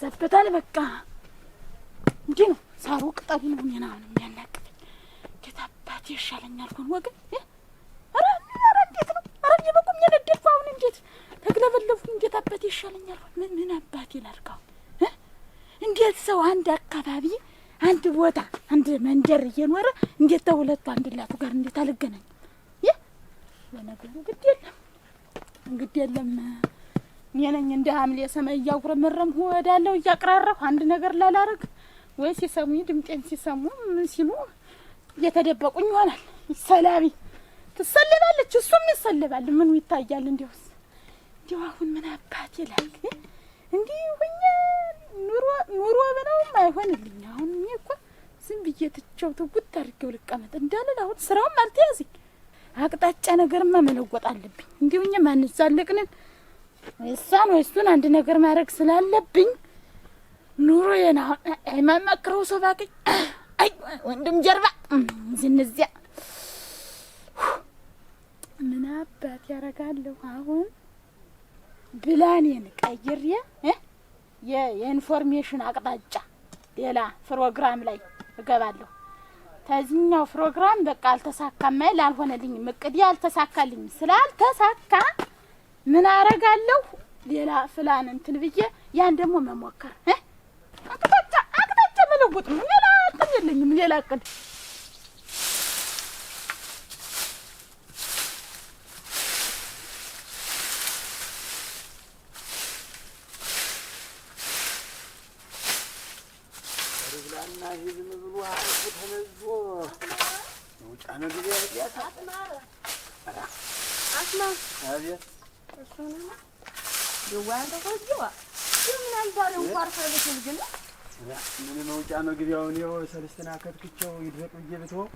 ይበዛበታል። በቃ እንዲህ ነው ሳሩ ቅጠሉ ነው እኔን ነው የሚያናቅፈኝ። ጌታ ይሻለኛል። ሆን ወገን ኧረ ኧረ እንዴት ነው ኧረ እየበቁም የነደድኩ አሁን እንዴት ተግለበለፉኝ። ጌታ አባቴ ይሻለኛል። ሆን ምን ምን አባቴ ላድርጋው? እንዴት ሰው አንድ አካባቢ አንድ ቦታ አንድ መንደር እየኖረ እንዴት ተሁለቱ አንድ ላቱ ጋር እንዴት አልገናኝም? ለነገሩ ግድ የለም ግድ የለም እኔ ነኝ እንደ ሐምሌ ሰማይ እያጉረመረምሁ እሄዳለሁ እያቅራራሁ አንድ ነገር ላላረግ ወይ ሲሰሙኝ ድምጤን ሲሰሙ ምን ሲሉ እየተደበቁኝ ይሆናል። ሰላቢ ትሰልባለች፣ እሱም ይሰልባል። ምኑ ይታያል? እንዲያውስ እንዲያው አሁን ምን አባት ይላል እንዲህ ሁኜ ኑሮ ኑሮ ብለውም አይሆንልኝ። አሁን እኔ እኮ ዝም ብዬ ትቼው ትውት አድርጌው ልቀመጥ እንዳልል አሁን ስራውም አልተያዘኝ። አቅጣጫ ነገርማ መለወጥ አለብኝ። እንዲሁኛ ማንዛለቅንን እሷን ወይ እሱን አንድ ነገር ማድረግ ስላለብኝ ኑሮ የማመክረው ሰው ባገኝ አይ ወንድም ጀርባ ዝንዚያ ምን አባት ያደርጋለሁ አሁን ብላኔን ቀይሬ የኢንፎርሜሽን አቅጣጫ ሌላ ፕሮግራም ላይ እገባለሁ። ከዚህኛው ፕሮግራም በቃ አልተሳካማ፣ ላልሆነልኝም እቅዴ አልተሳካልኝም። ስላልተሳካ ምን አረጋለሁ ሌላ ፍላን እንትን ብዬ ያን ደግሞ መሞከር አቅጣጫ አቅጣጫ መለወጥ ነው። ሌላ እንትን የለኝም። ሌላ እቅድ ተነዞ ምን መውጫ ነው ግቢያውን? ይኸው ሰልስትና ከትክቸው ይድረቅ ብዬ ብትሆን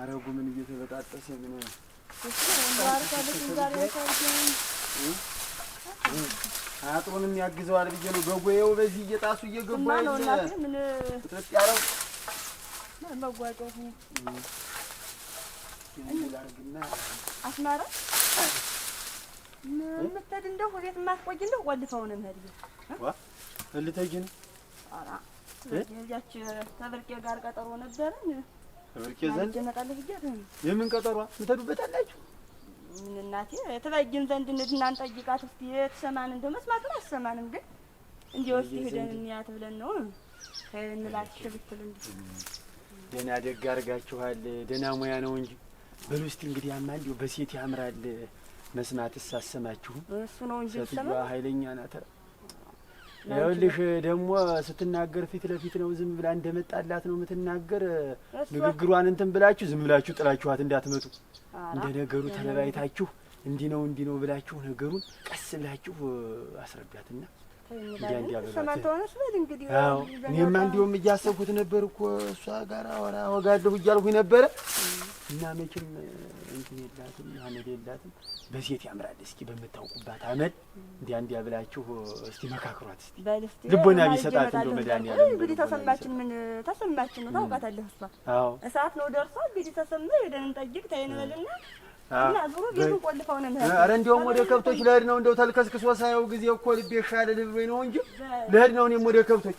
አረጉ ምን እየተበጣጠሰ ምን አጥሩንም ያግዘዋል ብዬ ነው። በጎየው በዚህ እየጣሱ እየገቡ አስማራ የምትሄድ እንደው እቤት የማትቆይ እንደው ቆልፈውን እምሄድ ልትሄጂ ነው? ኧረ እዚያች ተብርቄ ጋር ቀጠሮ ነበረን። ተብርቄ ዘንድ እመጣለሁ የምን ቀጠሯ የምትሄዱበት አላችሁ? ምን እናቴ ትበይን ዘንድ እንሂድና እንጠይቃት እስኪ ትሰማን እንደው መስማቱን አሰማንም፣ ግን እንደው እስኪ ሄደን እንያት ብለን ነው እንላት። ብትል እንጂ ደህና ደግ አድርጋችኋል። ደህና ሙያ ነው እንጂ በሉ እስኪ እንግዲህ ያማ እንደው በሴት ያምራል መስማትስ አሰማችሁም? እሱ ነው እንጂ ሰማ ኃይለኛ ናት። ይኸውልሽ ደግሞ ስትናገር ፊት ለፊት ነው፣ ዝም ብላ እንደመጣላት ነው የምትናገር። ንግግሯን እንትን ብላችሁ ዝም ብላችሁ ጥላችኋት እንዳትመጡ። እንደ ነገሩ ተለባይታችሁ እንዲህ ነው እንዲህ ነው ብላችሁ ነገሩን ቀስ ብላችሁ አስረዳትና እኔማ እንዲያውም እያሰብኩት ነበር እኮ እሷ ጋር አወራ ወጋለሁ እያልኩኝ ነበረ እና መቼም እንትን የላትም አመድ የላትም። በሴት ያምራል። እስኪ በምታውቁባት አመድ እንዲያ እንዲያ ብላችሁ እስቲ መካክሯት። እስቲ ልቦና ቢሰጣት እንደው መድኃኒዓለም እንግዲህ ተሰማችን። ምን ተሰማችን ነው ታውቃታለህ። እሷ አዎ እሳት ነው ደርሷ እንግዲህ ተሰማ ሄደን እንጠይቅ ተይንበልና ኧረ እንደውም ወደ ከብቶች ልሄድ ነው። እንደው ተልከስክሶ ሳየው ጊዜ እኮ ልቤ ሻለ ልብሎኝ ነው እንጂ ልሄድ ነው እኔም ወደ ከብቶች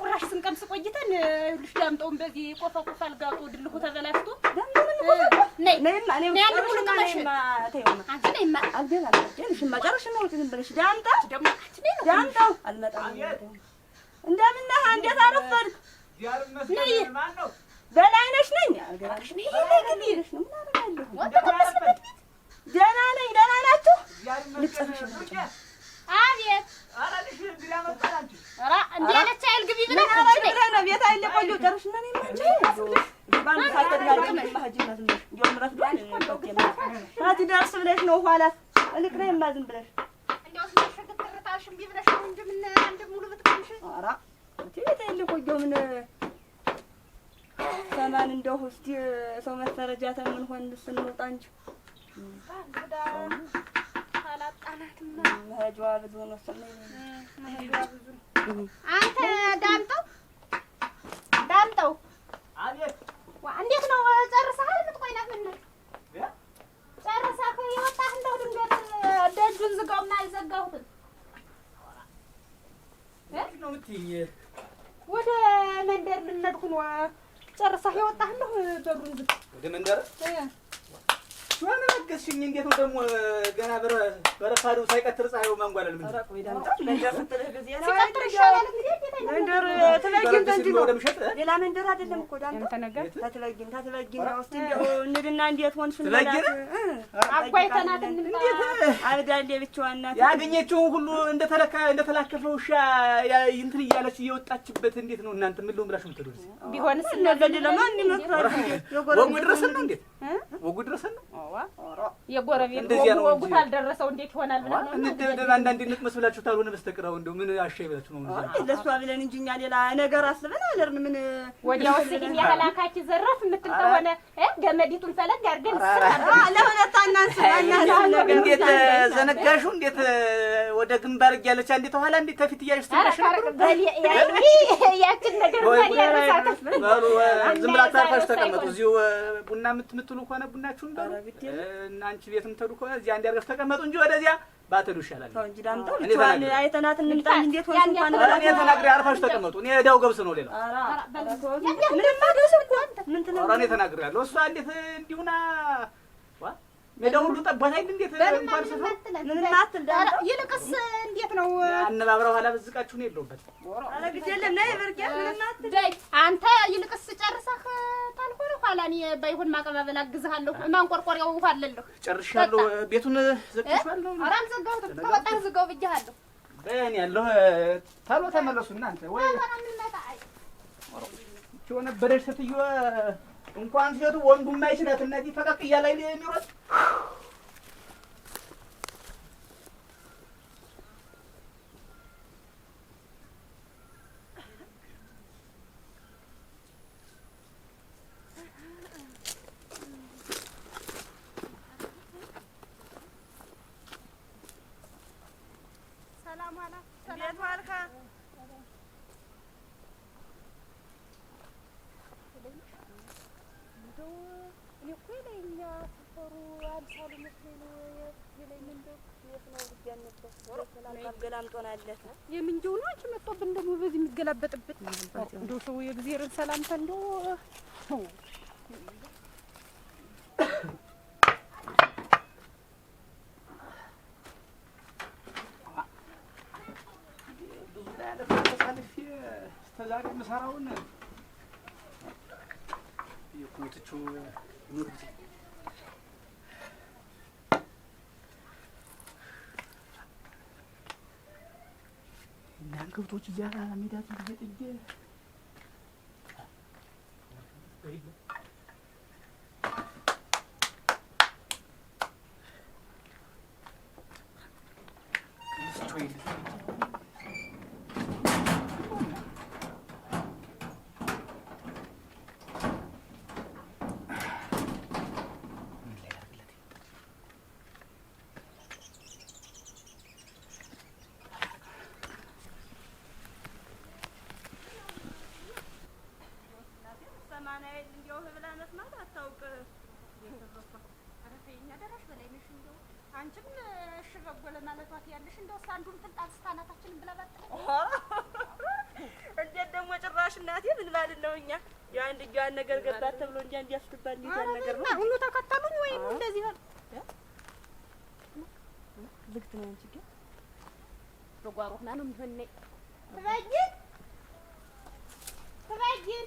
ቁራሽ ስንቀምስ ቆይተን ይኸውልሽ ዳምጠውን በዚህ ቆፈ ቆፈ አልጋጦ ድልሁ ተበላሽቶ ነይ በላይነሽ ነኝ አንተ ዳምጠው ዳምጠው፣ እንዴት ነው ጨርሰሃል? የምትቆይ ምነው ጨርሰህ የወጣህ? እንደው ድንገት ደጁን ዝጋውና አልዘጋሁትም። ወደ መንደር ልንሄድ ሁኖ ጨርሰህ የወጣህ እንደው በሩን ዝግ። ወደ መንደር መለገስሽኝ። እንዴት ነው ደግሞ ገና በረፋዱ ሳይቀትር ፀሐዩ ማንጓለል ምን ሌላ መንደር አይደለም እኮ ዳምጣ ታትለጊን ታትለጊን ነው። እስቲ እንደው እንድና እንዴት ሆንሽ? ትለጊን አጓይተናት አብዳል ብቻዋን ናት። ያገኘችውን ሁሉ እንደተለካ እንደተላከፈ ውሻ እንትን እያለች እየወጣችበት እንዴት ነው እናንተ ምን ልሆን ብላችሁ የምትሄዱ? ቢሆንስ እንደዚህ ለማን ይመክራል? ወጉ ድረስ ነው እንዴት ወጉ ድረሰን ነው የጎረቤት ወጉ ካልደረሰው እንዴት ይሆናል ብለን ነው እንደው አንዳንዴ እንቅመስ ብላችሁ ታልሆነ በስተቀር እንደው ምን አሻይ ብላችሁ ነው ለእሷ ብለን እንጂ እኛ ሌላ ነገር አስበን አለርን ምን ወዲያው ሲግን ያላካች ዘራፍ የምትል ከሆነ ገመዲቱን ፈለግ አድርገን ለሁለት አናንስ አናንስ እንዴት ዘነጋሹ እንዴት ወደ ግንባር እያለች እንዴት ኋላ እንዴት ከፊት እያለች ትንሽ ያችን ነገር ዝም ብላችሁ አርፋችሁ ተቀመጡ እዚሁ ቡና የምትምት የምትሉ ከሆነ ቡናችሁን በሉ እና አንቺ ቤት የምትሉ ከሆነ እዚያ እንዲያርገፍ ተቀመጡ እንጂ ወደዚያ ባትሉ ይሻላል። እንጂ ዳምጣ ልትባል አይተናት እንምጣ እንዴት ሆነ እንኳን ባላ እኔ ተናግሬ አርፋሽ ተቀመጡ። እኔ እዳው ገብስ ነው ሌላ ምንም ማድረስ እንኳን ምን ተናግሬ እኔ ተናግሬ ያለው እሷ እንዴት እንዲሁና ዋ ለሁሉ ጠቧት አይደል? እንዴት እንኳን ሰፈር ምንም አትል። ይልቅስ እንዴት ነው አነባብረው ኋላ በዝቃችሁ ነው የለውበት አለ ግድ የለም ነይ ብርጌ ምንም አትል። አንተ ይልቅስ ጨርሰህ ታልሆነ ኋላ እኔ ባይሆን ማቀባበል አግዝሃለሁ። ማንቆርቆሪያው ውሃ አለለሁ ጨርሻለሁ። ቤቱን ዘግተሽዋል? ኧረ አልዘጋሁትም። ከወጣህ ዝጋው ብዬሃለሁ። በእኔ ያለሁ ታሎ ተመለሱ እናንተ ወይ ሆነ በደርሰትዮ እንኳን ሴቱ ወንዱም አይችላት እነዚህ ፈቀቅ እያለ የሚሮጥ የምንጀው ነው አንቺ መጥቶብን ደግሞ በዚህ የሚገላበጥበት እንደው ሰው የእግዜርን ሰላምታ እንደው ዛሬ የምሰራውን ከብቶች እዚያ ሜዳ ናይል እንዲያው ብለህ መስማት ደራሽ በላይ ነሽ አንቺም እሺ በጎ ለማለቷ ትያለሽ። እንደው አንዱን ብላ እንዴት ደግሞ ጭራሽ እናቴ ምን ማለት ነው? እኛ እጇን ነገር ገባት ተብሎ እንጂ አንድ ነገር ነው? ሁሉ ተከተሉኝ ወይም እንደዚህ ነው ነው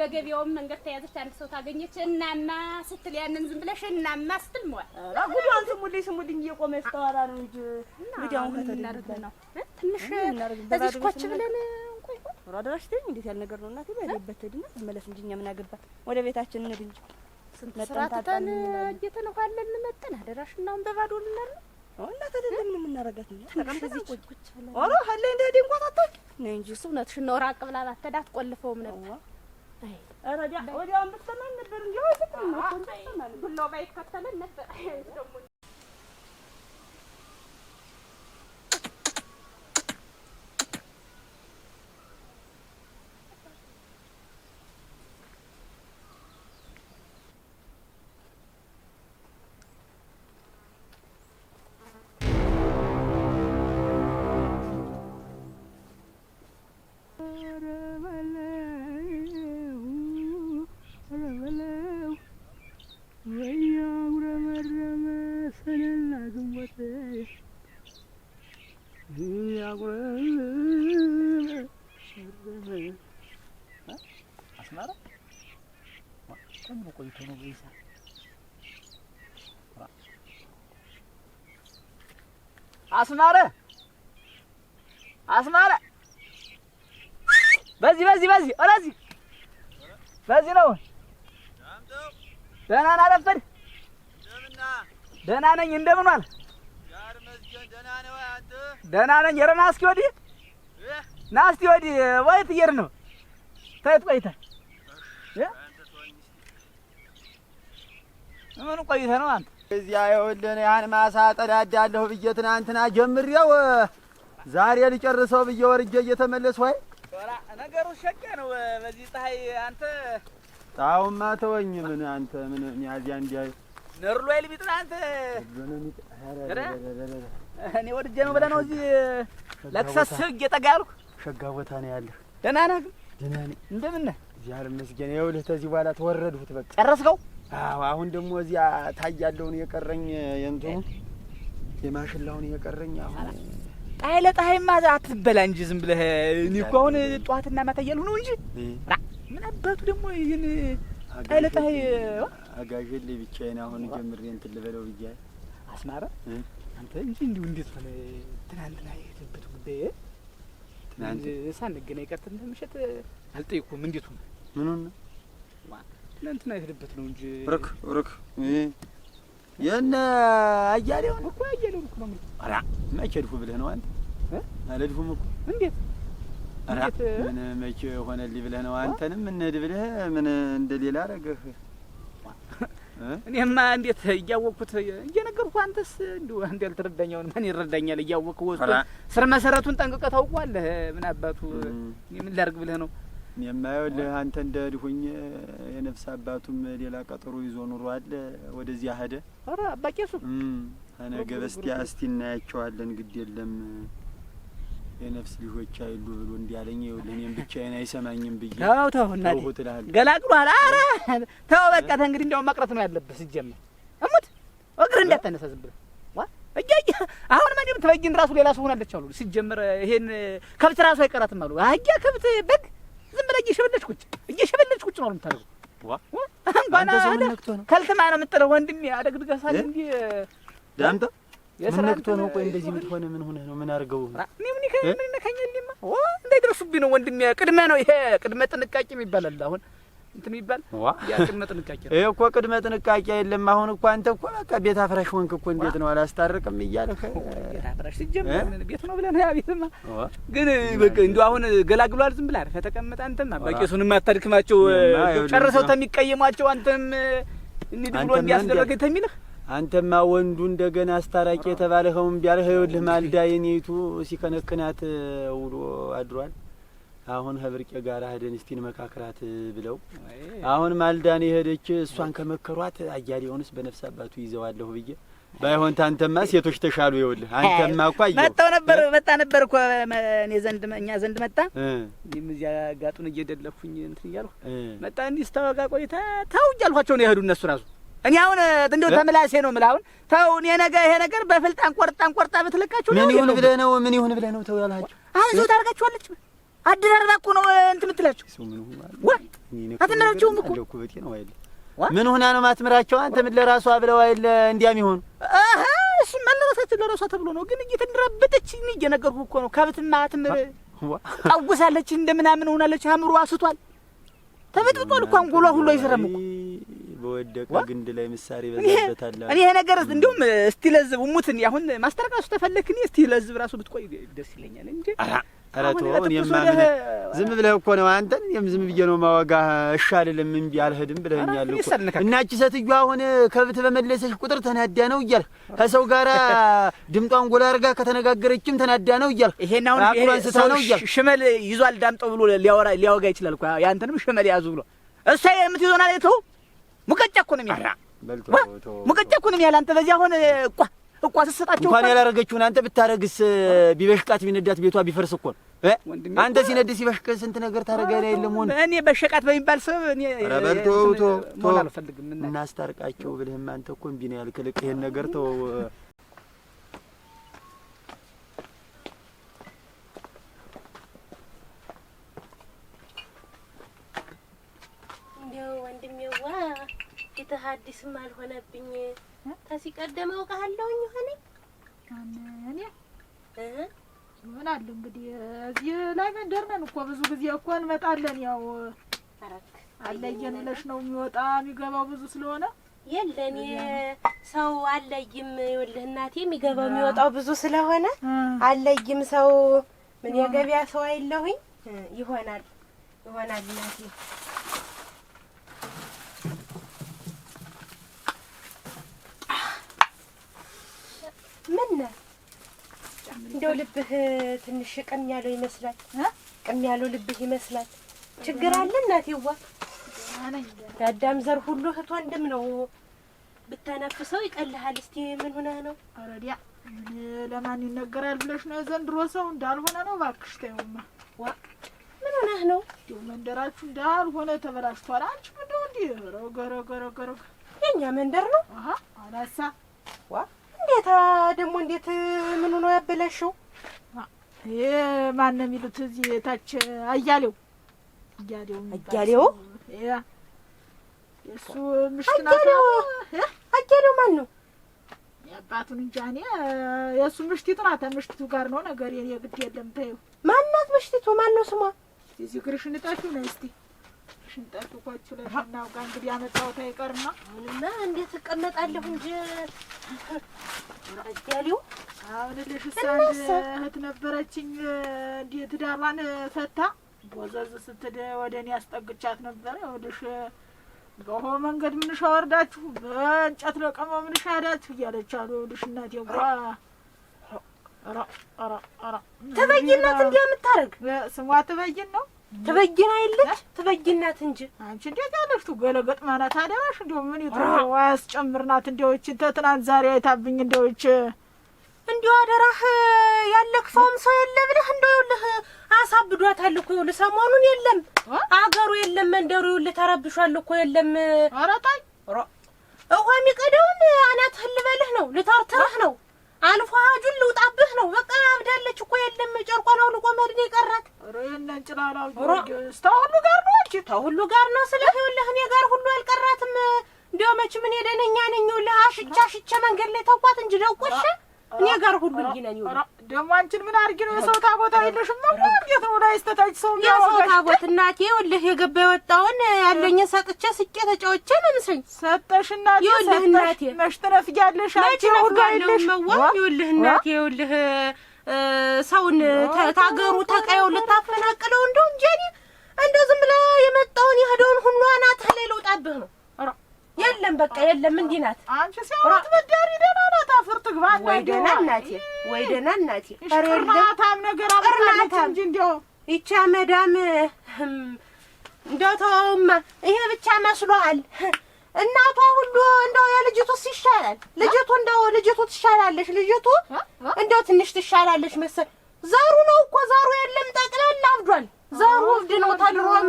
በገበያውም መንገድ ተያዘች። አንድ ሰው ታገኘች። እናማ ስትል ያንን ዝም ብለሽ እናማ ስትል መዋል ጉዷን ስሙልኝ ስሙልኝ እየቆመ ስተዋላ ነው እንጂ ጉዳሁን ከተደረገ ነው ትንሽ እዚህ ኮች ብለን እንቆይ። አደራሽ ትይኝ እንዴት ያል ነገር ነው እናቴ። በሌበት ትሄድና ተመለስ እንጂ እኛ ምን አገባን? ወደ ቤታችን እንሂድ እንጂ ስራ ትተን እየተነኋለን መጠን አደራሽ እና አሁን በባዶ ልናለ እና ተደለም ምን እናረጋት ነው ተቀምጥ እዚህ ቁጭ ቁጭ ኦሮ ሀለ እንደ ዲንቆጣጣ ነው እንጂ እሱ እውነትሽን ነው። ራቅ ብላ ባተዳት ቆልፈውም ነበር ወዲያውን አምስተማን ነበር እንጂ ሆይ ስትል ባይከተለን ነበር። አስማራ ቆሞ ቆይቶ ነው ይሳ አስማረ አስማረ በዚህ በዚህ በዚህ ወደዚህ በዚህ ነው። ደህና ነህ? አረፈድህ? ደህና ነኝ። እንደምን ዋልህ? ደህና ነኝ። ኧረ ና እስኪ ወዲህ፣ ና እስኪ ወዲህ። ወይ ትየር ነው ታየት ቆይተህ ምን ቆይተህ ነው አንተ? እዚያ ይኸውልህ ያን ማሳ ጠዳዳለሁ ብዬ ትናንትና ጀምሬው ዛሬ ልጨርሰው ብዬ ወርጄ እየተመለስኩ ወይ ነገሩ ሸቀ ነው በዚህ ፀሐይ አንተ ጣውማ ተወኝ። ምን አንተ ምን ያዚያ እንዲያ ነርሎ ይልብጥ አንተ እኔ ወድጄ ነው ብለህ ነው እዚህ ለክሰስ ህግ ያልኩ። ሸጋ ቦታ ነው ያለህ። ደህና ነህ? ደህና ነኝ። እንደምን ነህ? እግዚአብሔር ይመስገን። ይኸውልህ ተዚህ በኋላ ተወረድሁት። በቃ ጨረስከው? አዎ። አሁን ደግሞ እዚያ ታያለውን የቀረኝ የእንትኑ የማሽላውን የቀረኝ አሁን ፀሐይ ለፀሐይማ አትበላ እንጂ ዝም ብለህ እኔ እኮ አሁን ጠዋትና ማታ እያልሁ ነው እንጂ ራ ምን አባቱ ደግሞ ይህን ፀሐይ ለፀሐይ አጋዥልኝ ብቻዬን አሁን ጀምሬ እንትን ልበለው ብዬ አስማረ አንተ እንጂ እንዲሁ እንዴት ሆነ? ትናንትና የሄድበት ጉዳይ ትናንት ሳንገናኝ ቀርተን ምሽት አልጠየኩም። እንዴት ሆነ? ምን ሆነ? ትናንትና የሄድበት ነው እንጂ ርክ ርክ የነ አያሌው ነው እኮ አያሌው እኮ ነው። ኧረ መቼ ድፉ ብለህ ነው አንተ? አለ ድፉም እኮ እንዴት ኧረ ምን መቼ ሆነልኝ ብለህ ነው አንተንም እንሂድ ብለህ ምን እንደሌላ አደረገህ እኔማ እንዴት እያወቅኩት እየነገርኩ አንተስ እንዲሁ አንድ ያልተረዳኛውን ማን ይረዳኛል? እያወቅህ ወስዶ ስር መሰረቱን ጠንቅቀህ ታውቋለህ። ምን አባቱ ምን ላርግ ብለህ ነው የማየውልህ አንተ እንደ ድሁኝ የነፍስ አባቱም ሌላ ቀጠሮ ይዞ ኑሮ አለ ወደዚያ ሄደ። ኧረ አባቄሱ ነገ በስቲያ እስቲ እናያቸዋለን። ግድ የለም የነፍስ ልጆች አይሉ ብሎ እንዲያለኝ ይኸውልህ፣ እኔም ብቻዬን አይሰማኝም ብዬ ተው ተው እናቴ ገላግሏል። ኧረ ተው በቃ ተህ እንግዲህ እንዲያውም መቅረት ነው ያለብህ። ሲጀመር እሙት እግርህ እንዳታነሳ ዝም ብለህ ዋ እያየ አሁን ማን የምትበይን ራሱ ሌላ ሰው ሆናለች አሉ። ሲጀመር ይሄን ከብት ራሱ አይቀራትም አሉ። አያ ከብት በግ ዝም ብለህ እየሸበለች ቁጭ እየሸበለች ቁጭ ነው የምታደርገው። ዋ ባና ከልትማ ነው የምጥለው ወንድሜ አደግድገሳል እንዲህ ዳምጣ የሰራንቶ ነው? ቆይ እንደዚህ የምትሆነ ምን ሆነህ ነው? ምን አድርገው ነው? እኔ ምን ይከኝ ምን ነካኛልማ? ኦ እንዳይደርሱብኝ ነው ወንድሜ። ቅድመ ነው ይሄ ቅድመ ጥንቃቄ የሚባል አለ። አሁን እንትን የሚባል ያ ቅድመ ጥንቃቄ ነው። እኮ ቅድመ ጥንቃቄ የለም። አሁን እኮ አንተ እኮ በቃ ቤት አፍራሽ ወንክ እኮ እንዴት ነው አላስታርቅም እያለህ ቤት አፍራሽ ሲጀምር ቤት ነው ብለህ ያ ቤትማ ግን በቃ እንዲሁ አሁን ገላግሏል። ዝም ብለህ አርፈህ ተቀመጥ። አንተማ ባቄሱንም አታድክማቸው። ጨርሰው ተሚቀየሟቸው አንተም እንዲህ ብሎ እንዲያስደረገ ተሚልህ አንተማ ወንዱ እንደገና አስታራቂ የተባለኸው እምቢ አልህ። ይኸውልህ ማልዳ የኔቱ ሲከነክናት ውሎ አድሯል። አሁን ህብርቄ ጋር ሄደን እስቲን መካከራት ብለው አሁን ማልዳን የሄደች እሷን ከመከሯት አያሌውንስ በነፍስ አባቱ ይዘዋለሁ ብዬ ባይሆን ታንተማ ሴቶች ተሻሉ። ይኸውልህ አንተማ እኮ አየሁ መጣው ነበር መጣ ነበር እኮ እኔ ዘንድ እኛ ዘንድ መጣ። እኔም እዚያ ጋጡን እየደለፉኝ እንትን እያልሁ መጣ እንዲህ ስታወቃ ቆይታ ተው እያልኋቸው ነው የሄዱ እነሱ ራሱ እኔ አሁን እንደው ተመላሴ ነው የምልህ። አሁን ተው፣ እኔ ነገ ይሄ ነገር በፍልጣን ቆርጣን ቆርጣ ብትልካችሁ ምን ይሁን ብለህ ነው? ምን ይሁን ብለህ ነው? ተው ያልሃቸው አሁን እዚሁ ታደርጋችኋለች። አደራርባ እኮ ነው እንትን የምትላቸው። ወይ እኮ ምን ሆና ነው ማትምራቸው? አንተ ምን ለራሷ ብለው አይደለ እንዲያም ይሆኑ አሃ እሱ መለረሳችን ለራሷ ተብሎ ነው። ግን እየተንደረበጠች ምን እየነገርኩህ እኮ ነው። ከብትማ ትምር ቃውሳለች፣ እንደምናምን ሆናለች። አእምሮዋ አስቷል፣ ተበጥብጧል እኮ አንጎሏ ሁሉ አይሰራም እኮ በወደቀ ግንድ ላይ ምሳሪ ይበዛበታል። እኔ ይሄ ነገር እንዲሁም እስቲ ለዝብ ሙትን አሁን ማስታረቅ ራሱ ተፈለክኝ። እስቲ ለዝብ ራሱ ብትቆይ ደስ ይለኛል እንጂ ኧረ ተወው። አሁን የማምን ዝም ብለህ እኮ ነው አንተን እኔም ዝም ብዬ ነው ማወጋ እሻልልም አልልም እምቢ አልሄድም ብለኸኛል እኮ እና እቺ ሴትዮ አሁን ከብት በመለሰች ቁጥር ተናዳ ነው እያልህ ከሰው ጋራ ድምጧን ጎላ አድርጋ ከተነጋገረችም ተናዳ ነው እያልህ ይሄን አሁን ስታ ነው እያልህ ሽመል ይዟል ዳምጦ ብሎ ሊያወራ ሊያወጋ ይችላል እኮ ያንተንም ሽመል ያዙ ብሎ እሷ የምትይዞና ተው እኮ ነው የሚያል ሙቀጫ እኮ ነው የሚያል አንተ በዚህ አሁን እቋ እቋ ስሰጣቸው እንኳን ያላረገችውን አንተ ብታረግስ ቢበሽቃት ቢነዳት ቤቷ ቢፈርስ እኮ ነው አንተ ሲነድ ሲበሽቅ ስንት ነገር ታደርጋለህ። የለም ሆነ እኔ በሸቃት በሚባል ሰብ እኔ አልፈልግም። እናስታርቃቸው ብልህም አንተ እኮ እምቢ ነው ያልክ። ልክ ነገር ተው። እንደው ወንድሜዋ ፊትህ አዲስም አልሆነብኝ። ከዚህ ቀደም አውቃለሁኝ ሆነ እኔ ምን አለ እንግዲህ እዚህ ላይ መንደር ነን እኮ ብዙ ጊዜ እኮ እንመጣለን። ያው አለየን ብለሽ ነው የሚወጣ የሚገባው ብዙ ስለሆነ የለን ሰው አለይም። ይኸውልህ እናቴ የሚገባው የሚወጣው ብዙ ስለሆነ አለይም ሰው ምን የገበያ ሰው አይለሁኝ። ይሆናል ይሆናል እናቴ እንደው ልብህ ትንሽ ቅም ያለው ይመስላል። ቅም ያለው ልብህ ይመስላል። ችግር አለ እናቴዋ። የአዳም ዘር ሁሉ እህቷ ወንድም ነው። ብታናፍሰው ይቀልሃል። እስቲ ምን ሆነህ ነው? አረዲያ ለማን ይነገራል ብለሽ ነው? የዘንድሮ ሰው እንዳልሆነ ነው። እባክሽ ተይውማ። ምን ሆነህ ነው? እንዲሁ መንደራችሁ እንዳልሆነ ተበላሽቷል። አንቺም እንደው እንዲህ ረገረገረገረ የእኛ መንደር ነው አላሳ ዋ እንዴታ ደግሞ እንዴት ምኑ ነው ያበላሸው? ማን ነው የሚሉት እዚህ ታች አያሌው አያሌው እሱ ምሽት አያሌው ማን ነው? የአባቱን እንጃ እኔ የእሱ ምሽቲቱ ናት። ምሽቲቱ ጋር ነው ነገር የግድ የለም። ተይው። ማናት ምሽቲቱ? ማን ነው ስሟ? እዚህ ግርሽን ጣፊው ነው እስቲ እባክሽን ጠጡ ኮች ብለሽ እናውጋ። እንግዲህ ያመጣሁት አይቀርማ። አሁንማ እንዴት እቀመጣለሁ እንጂ እያሌው አሁን ልሽ እህት ነበረችኝ እንዲህ ትዳሯን ፈታ ቦዘዝ ስትል ወደ እኔ ያስጠግቻት ነበረ። ይኸውልሽ በሆ መንገድ ምንሽ አወርዳችሁ በእንጨት ለቀማ ምንሽ አዳችሁ እያለች አሉ። ይኸውልሽ እናቴ ጓ ተበይነት እንዲህ የምታደርግ ስሟ ትበይን ነው ትበይና የለች ትበይናት እንጂ አንቺ እንዴት ያለፍቱ ገለገጥ ማለት አደራሽ። እንደው ምን ይቶ ያስጨምርናት እንደዎች ተትናንት ዛሬ አይታብኝ እንደዎች እንዲሁ አደራህ ያለክፈውም ሰው የለ ብለህ እንደው ይኸውልህ አሳብዷታል እኮ ይኸውልህ፣ ሰሞኑን የለም አገሩ የለም መንደሩ ይኸውልህ ተረብሿል እኮ የለም። ኧረ ሮ ውሃ የሚቀደውን አናትህን ልበልህ ነው ልተርትርህ ነው አልፎ ሀጁን ልውጣብህ ነው። በቃ አብዳለች እኮ የለም ጨርቋን አውልቆ መድን የቀራት ተሁሉ ጋር ነው ተሁሉ ጋር ነው ስለ ይኸውልህ፣ እኔ ጋር ሁሉ አልቀራትም። እንዲያው መች ምን የደነኛ ነኝ ይኸውልህ፣ አሽቻ ሽቻ መንገድ ላይ ተውኳት እንጂ ደቆሸ እኔ ጋር ሁሉ ይገናኙ። ደግሞ አንቺን ምን አድርጊ ነው? የሰው ታቦት አይደለሽም ነው? እንዴት ነው ላይ ስተታች ሰው ነው? የሰው ታቦት እናቴ፣ ይኸውልህ የገባ የወጣውን ያለኝ ሰጥቼ ስቄ ተጫውቼ ነው ምስኝ ሰጠሽ እናቴ፣ ይኸውልህ እናቴ፣ መሽጥረፍ ያለሽ አንቺ ሁሉ አይደለሽ። ይኸውልህ እናቴ፣ ይኸውልህ ሰውን ታገሩ ተቀየው ልታፈናቅለው እንደው እንጂ እኔ እንደው ዝም ብላ የመጣውን የሄደውን ሁሉ አናት ላይ ልውጣብህ ነው የለም በቃ የለም። እንዲህ ናት። አንቺ ሲያወራት በዳሪ ደህና ናት። አፈር ትግባ። ወይ ደህና እናቴ፣ ወይ ደህና እናቴ። ቅርናታም ነገር አብራለች እንጂ እንዲያው ይቻ መዳም እንደው ተወውማ፣ ይሄ ብቻ መስሎሃል። እናቷ ሁሉ እንደው የልጅቱ ይሻላል። ልጅቱ እንደው ልጅቱ ትሻላለች። ልጅቱ እንደው ትንሽ ትሻላለች መሰል። ዘሩ ነው እኮ ዘሩ የለም፣ ጠቅላላ አብዷል። ዘሩ እብድ ነው። ተድሮም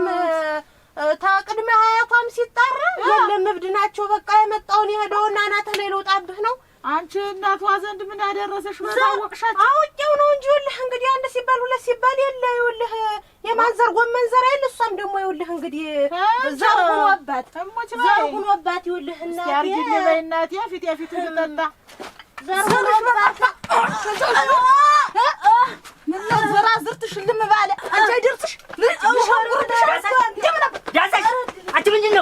ተቅድመ ሀያቷም ሲት እብድ ናቸው። በቃ የመጣውን የሄደውን አናተ ላይ ልውጣብህ ነው። አንቺ እናቷ ዘንድ ምን አደረሰሽ? መታወቅሻት አውቄው ነው እንጂ ይኸውልህ፣ እንግዲህ አንድ ሲባል ሁለት ሲባል የለ ይኸውልህ፣ የማንዘር ጎመን ዘር የለ። እሷም ደግሞ ይኸውልህ እንግዲህ ዘር ሁኖባት ዘር ሁኖባት ይኸውልህ፣ እናቴ ፊት የፊት ልጠጣ ዘር ሁኖባት ዘራ ዝርትሽ ልም ባለ አንቺ አይደርስሽ ልሽ ያዘሽ 아침은 진놈